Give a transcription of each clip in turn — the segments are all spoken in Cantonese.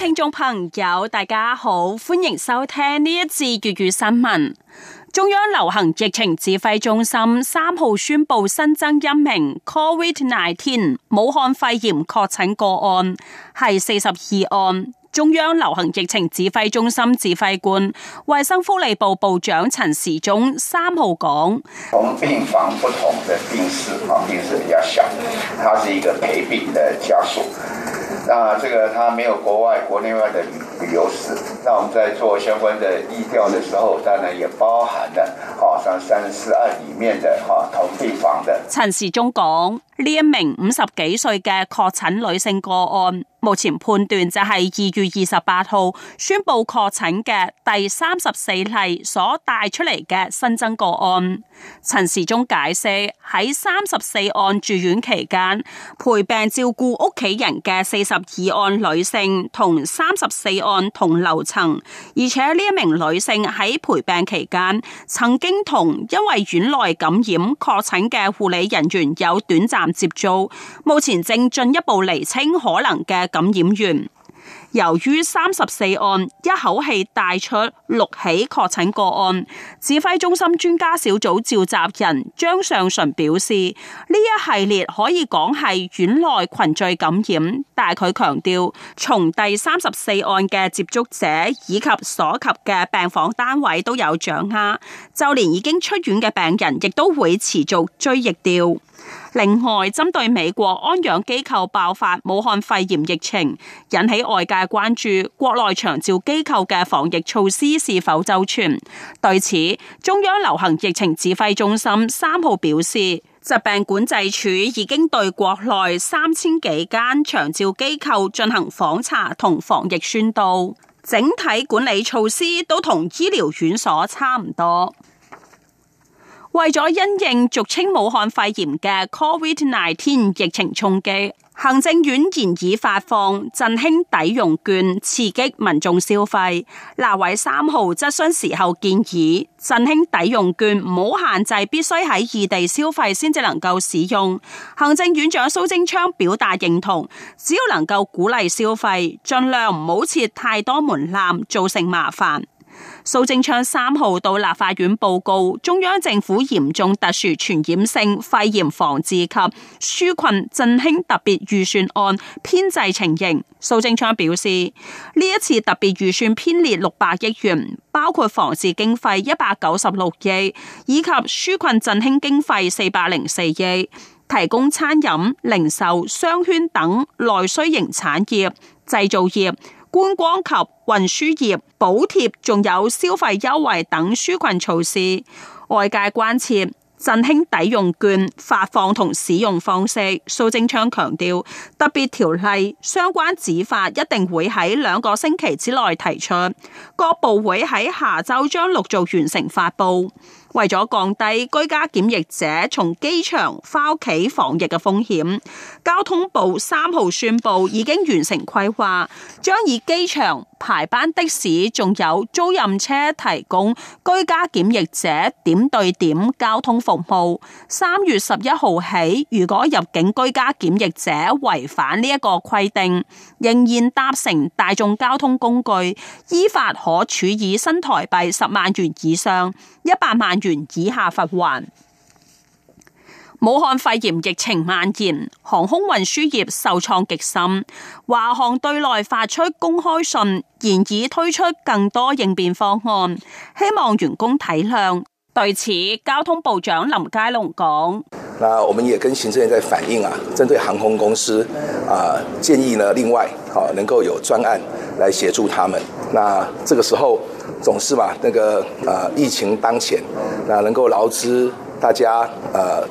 聽眾朋友，大家好，歡迎收聽呢一次粵語新聞。中央流行疫情指揮中心三號宣布新增一名 COVID nineteen 武漢肺炎確診個案，係四十二案。中央流行疫情指揮中心指揮官、衛生福利部部部長陳時中三號講，同病房不同的病室啊，病室比較小，它是一個陪病的家屬。那這個它沒有國外國內外的旅旅遊史，那我們在做相關的疫調的時候，當然也包含了。考上三四二裏面的哈同病房的陳時中講，呢一名五十幾歲嘅確診女性個案，目前判斷就係二月二十八號宣布確診嘅第三十四例所帶出嚟嘅新增個案。陳時中解釋，喺三十四案住院期間陪病照顧屋企人嘅四十二案女性同三十四案同樓層，而且呢一名女性喺陪病期間曾經。同因為院內感染確診嘅護理人員有短暫接觸，目前正進一步厘清可能嘅感染源。由於三十四案一口氣帶出六起確診個案，指揮中心專家小組召集人張上淳表示，呢一系列可以講係院內群聚感染，但佢強調，從第三十四案嘅接觸者以及所及嘅病房單位都有掌握，就連已經出院嘅病人亦都會持續追疫調。另外，針對美國安養機構爆發武漢肺炎疫情，引起外界關注，國內長照機構嘅防疫措施是否周全？對此，中央流行疫情指揮中心三號表示，疾病管制處已經對國內三千幾間長照機構進行訪查同防疫宣導，整體管理措施都同醫療院所差唔多。為咗因應俗稱武漢肺炎嘅 Covid-19 疫情衝擊，行政院現已發放振興抵用券刺激民眾消費。立委三號質詢時候建議振興抵用券唔好限制必須喺異地消費先至能夠使用。行政院長蘇貞昌表達認同，只要能夠鼓勵消費，盡量唔好設太多門檻，造成麻煩。蘇貞昌三號到立法院報告中央政府嚴重特殊傳染性肺炎防治及紓困振興特別預算案編制情形。蘇貞昌表示，呢一次特別預算編列六百億元，包括防治經費一百九十六億，以及紓困振興經費四百零四億，提供餐飲、零售、商圈等內需型產業、製造業、觀光及運輸業。補貼仲有消費優惠等紓困措施，外界關切振興抵用券發放同使用方式。蘇貞昌強調，特別條例相關子法一定會喺兩個星期之內提出，各部會喺下週將陸續完成發布。為咗降低居家檢疫者從機場返屋企防疫嘅風險，交通部三號宣布已經完成規劃，將以機場排班的士，仲有租賃車提供居家檢疫者點對點交通服務。三月十一號起，如果入境居家檢疫者違反呢一個規定，仍然搭乘大眾交通工具，依法可處以新台幣十萬元以上一百萬元以下罰還。武漢肺炎疫情蔓延，航空運輸業受創極深。華航對內發出公開信，現已推出更多應變方案，希望員工體諒。對此，交通部長林佳龍講：那我們也跟行政院在反映啊，針對航空公司啊，建議呢，另外好、啊、能夠有專案來協助他們。那這個時候。總是吧，那個啊、呃、疫情當前，那能夠勞資大家啊、呃、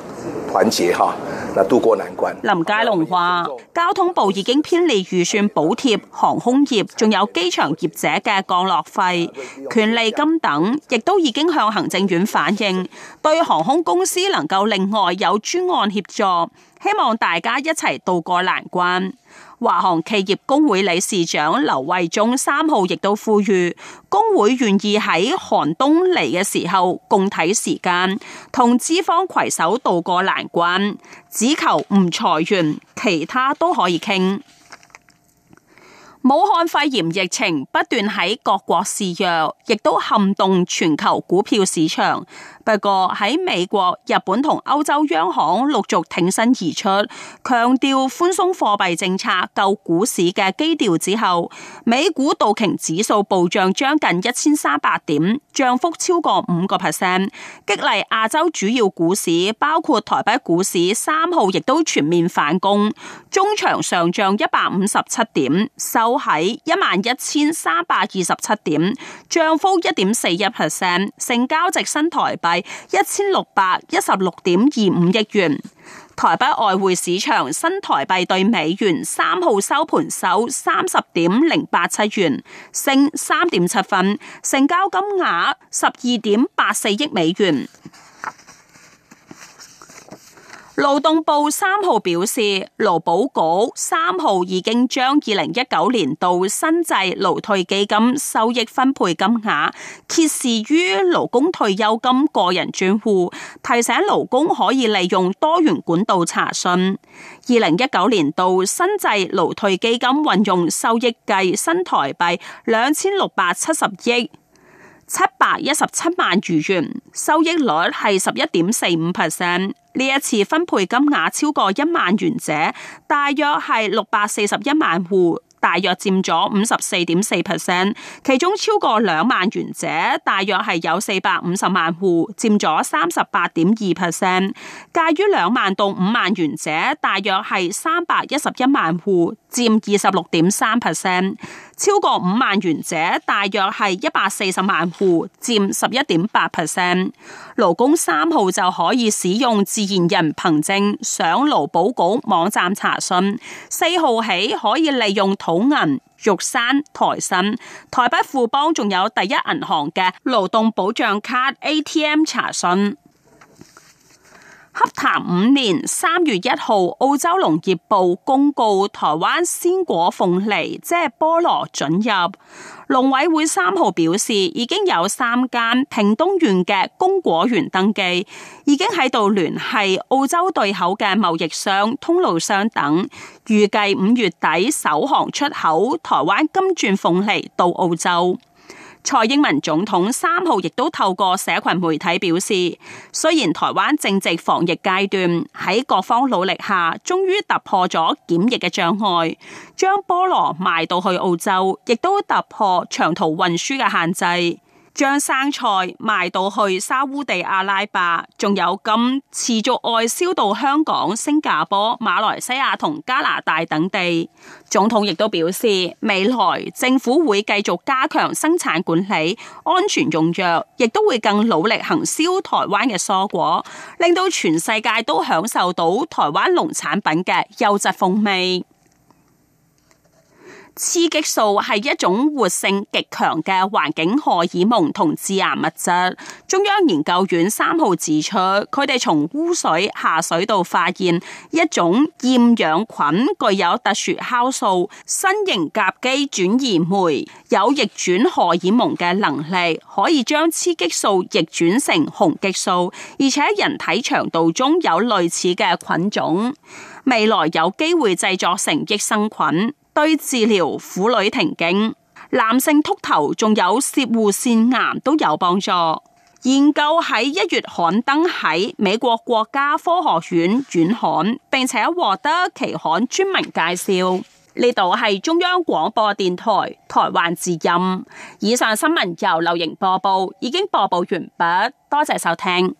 團結哈，那、啊、渡過難關。林佳龍話：交通部已經編列預算補貼航空業，仲有機場業者嘅降落費、權利金等，亦都已經向行政院反映，對航空公司能夠另外有專案協助，希望大家一齊渡過難關。華航企業工會理事長劉惠宗三號亦都呼籲，工會願意喺寒冬嚟嘅時候共體時艱，同資方携手渡過難關，只求唔裁員，其他都可以傾。武漢肺炎疫情不斷喺各國肆虐，亦都撼動全球股票市場。不過喺美國、日本同歐洲央行陸續挺身而出，強調寬鬆貨幣政策救股市嘅基調之後，美股道瓊指數暴漲將近一千三百點，漲幅超過五個 percent，激勵亞洲主要股市，包括台北股市三號亦都全面反攻，終場上漲一百五十七點，收。都喺一萬一千三百二十七點，漲幅一點四一 percent，成交值新台幣一千六百一十六點二五億元。台北外匯市場新台幣兌美元三號收盤收三十點零八七元，升三點七分，成交金額十二點八四億美元。勞動部三號表示，勞保局三號已經將二零一九年度新制勞退基金收益分配金額揭示於勞工退休金個人專戶，提醒勞工可以利用多元管道查詢。二零一九年度新制勞退基金運用收益計新台幣兩千六百七十億。七百一十七萬餘元，收益率係十一點四五 percent。呢一次分配金額超過一萬元者，大約係六百四十一萬戶，大約佔咗五十四點四 percent。其中超過兩萬元者，大約係有四百五十萬戶，佔咗三十八點二 percent。介於兩萬到五萬元者，大約係三百一十一萬戶，佔二十六點三 percent。超過五萬元者，大約係一百四十萬戶，占十一點八 percent。勞工三號就可以使用自然人憑證上勞保局網站查詢，四號起可以利用土銀、玉山、台新、台北富邦，仲有第一銀行嘅勞動保障卡 ATM 查詢。洽談五年三月一號，澳洲農業部公告台灣鮮果鳳梨即係菠蘿准入。農委會三號表示，已經有三間屏東縣嘅供果園登記，已經喺度聯繫澳洲對口嘅貿易商、通路商等，預計五月底首航出口台灣金鑽鳳梨到澳洲。蔡英文總統三號亦都透過社群媒體表示，雖然台灣正值防疫階段，喺各方努力下，終於突破咗檢疫嘅障礙，將菠蘿賣到去澳洲，亦都突破長途運輸嘅限制。將生菜賣到去沙烏地阿拉伯，仲有咁持續外銷到香港、新加坡、馬來西亞同加拿大等地。總統亦都表示，未來政府會繼續加強生產管理、安全用藥，亦都會更努力行銷台灣嘅蔬果，令到全世界都享受到台灣農產品嘅優質風味。雌激素係一種活性極強嘅環境荷爾蒙同致癌物質。中央研究院三號指出，佢哋從污水下水道發現一種厭氧菌，具有特殊酵素新型甲基轉移酶，有逆轉荷爾蒙嘅能力，可以將雌激素逆轉成雄激素，而且人體腸道中有類似嘅菌種，未來有機會製作成益生菌。對治療婦女停經，男性禿頭仲有攝護腺癌都有幫助。研究喺一月刊登喺美國國家科學院院刊，並且獲得期刊專門介紹。呢度係中央廣播電台台灣之音。以上新聞由劉瑩播報，已經播報完畢，多謝收聽。